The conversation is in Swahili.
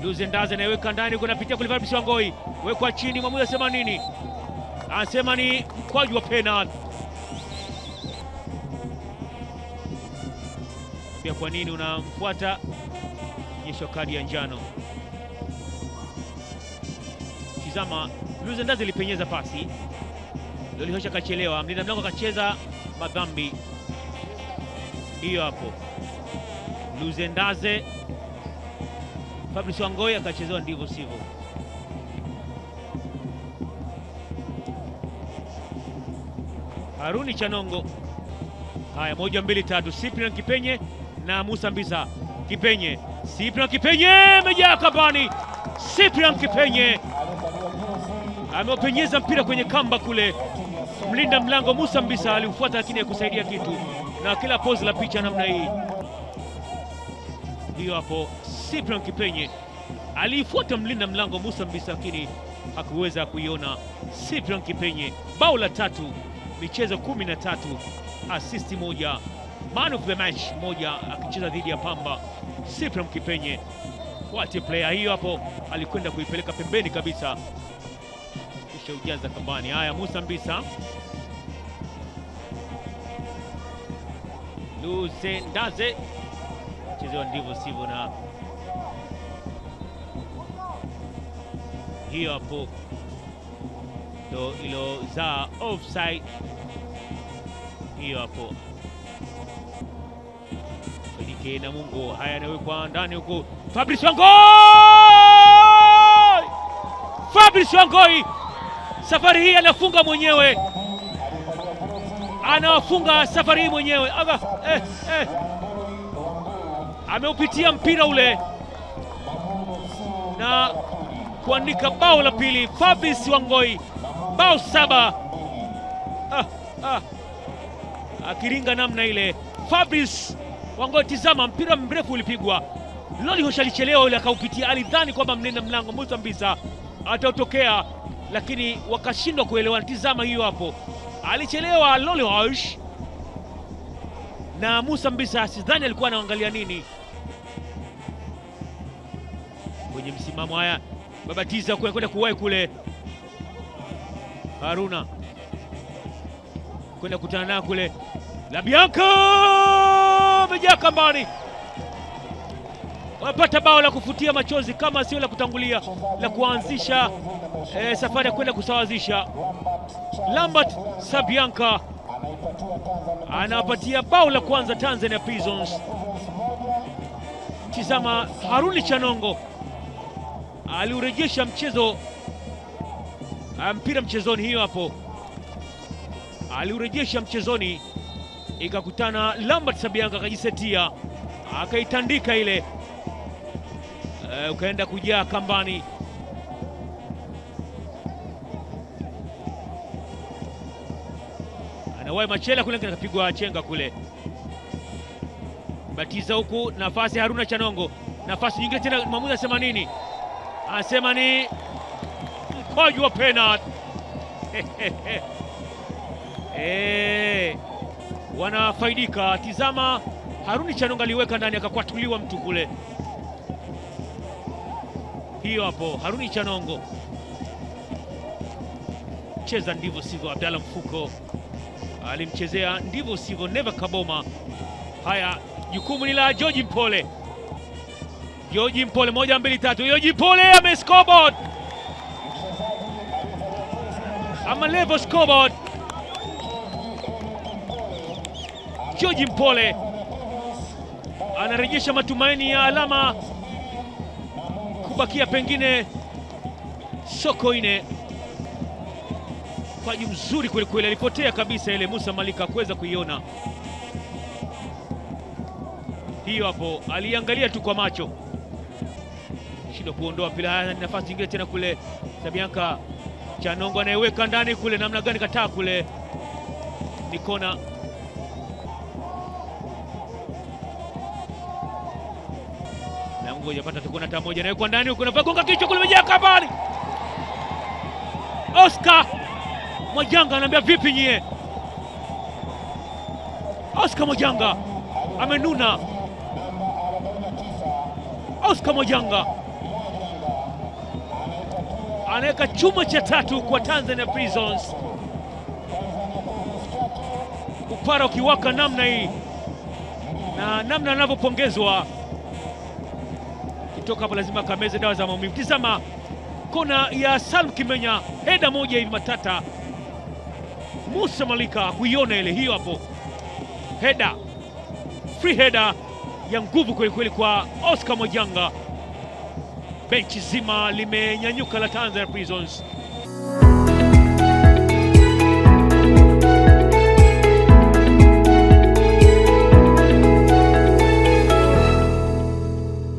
Nduze Ndaze anayeweka ndani, kunapitia kule Fabrice Wangoi, wekwa chini. Mwamuzi asema nini? Anasema ni mkwaju wa penalti. Pia kwa nini unamfuata? Nyesho kadi ya njano. Tizama, Luzi Ndaze ilipenyeza pasi, Lolihosha akachelewa, mlinda mlango akacheza madhambi. Hiyo hapo Nduze Ndaze Fabrice Wangoi akachezewa ndivyo sivyo. Haruni Chanongo. Haya, moja mbili tatu. Cyprian Kipenye na Musa Mbiza. Kipenye, Cyprian Kipenye kabani kambani. Cyprian Kipenye ameupenyeza mpira kwenye kamba kule. Mlinda mlango Musa Mbisa aliufuata, lakini hakusaidia kitu, na kila pozi la picha namna hii, hiyo hapo. Cyprian Kipenye aliifuata mlinda mlango Musa Mbisa, lakini hakuweza kuiona. Cyprian Kipenye bao la tatu, michezo kumi na tatu, asisti moja, man of the match moja, akicheza dhidi ya Pamba. Cyprian Kipenye kwate player hiyo hapo, alikwenda kuipeleka pembeni kabisa, kisha ujaza kambani. Haya, Musa Mbisa Ndaze, chezewa ndivyo sivyo na hiyo hapo ndo ilozaa offside hiyo hapo. Felike na Mungu, haya yanawekwa ndani huko. Fabrice Wangoi, Fabrice Wangoi safari hii anafunga mwenyewe, anawafunga safari hii mwenyewe. Aga, eh, eh. Ameupitia mpira ule na kuandika bao la pili. Fabrice Wangoi bao saba. Ah, ah. Akiringa namna ile Fabrice Wangoi, tizama mpira mrefu ulipigwa, Hosha alichelewa ile akaupitia, alidhani kwamba mlinda mlango Mutambisa ataotokea lakini wakashindwa kuelewana. Tizama hiyo hapo, alichelewa Lolihosh na Musa Mbisa, sidhani alikuwa anaangalia nini kwenye msimamo. Haya babatiza kwenda kuwahi kule, Haruna kwenda kutana naye kule, Labianka amejaa kambani, wamepata bao la kufutia machozi kama sio la kutangulia la kuanzisha eh, safari ya kwenda kusawazisha. Lambert Sabianka anawapatia bao la kwanza Tanzania Prisons. Tizama Haruni Chanongo aliurejesha mchezo ah, mpira mchezoni, hiyo hapo aliurejesha mchezoni, ikakutana Lambert Sabianga akajisetia, akaitandika ile e, ukaenda kujaa kambani. Anawai Machela kule akapigwa chenga kule, batiza huku, nafasi Haruna Chanongo, nafasi nyingine tena, mwamuzi anasema nini? anasema ni mkwaju wa penalti. E, eh, wanafaidika. Tizama, Haruni Chanonga aliweka ndani akakwatuliwa mtu kule. Hiyo hapo, Haruni Chanongo cheza ndivyo sivyo. Abdalla Mfuko alimchezea ndivyo sivyo, never Kaboma. Haya, jukumu ni la George Mpole. Yoji Mpole, moja mbili tatu. Yoji Mpole ame scoreboard, ama level scoreboard. Yoji Mpole anarejesha matumaini ya alama kubakia pengine soko ine. Mpaji mzuri kwelikweli, alipotea kabisa ile. Musa Malika hakuweza kuiona hiyo hapo, aliangalia tu kwa macho shindwa kuondoa mpira. na nafasi nyingine tena kule, Sabianka Chanongo anaiweka ndani kule, namna gani kataa kule, ni kona hajapata tukuna hata moja, nawekwa ndani huko, napagonga kichwa kule, mejaa kabali. Oscar Mwajanga anaambia vipi nyie? Oscar Mwajanga amenuna. Oscar Mwajanga anaweka chuma cha tatu kwa Tanzania Prisons, upara ukiwaka namna hii na namna anavyopongezwa kutoka hapo, lazima akameze dawa za maumivu. Tizama kona ya Salum Kimenya, heda moja hivi matata, Musa Malika kuiona ile hiyo hapo, heda free heda ya nguvu kwelikweli kwa Oscar Mwajanga benchi zima limenyanyuka la Tanzania Prisons.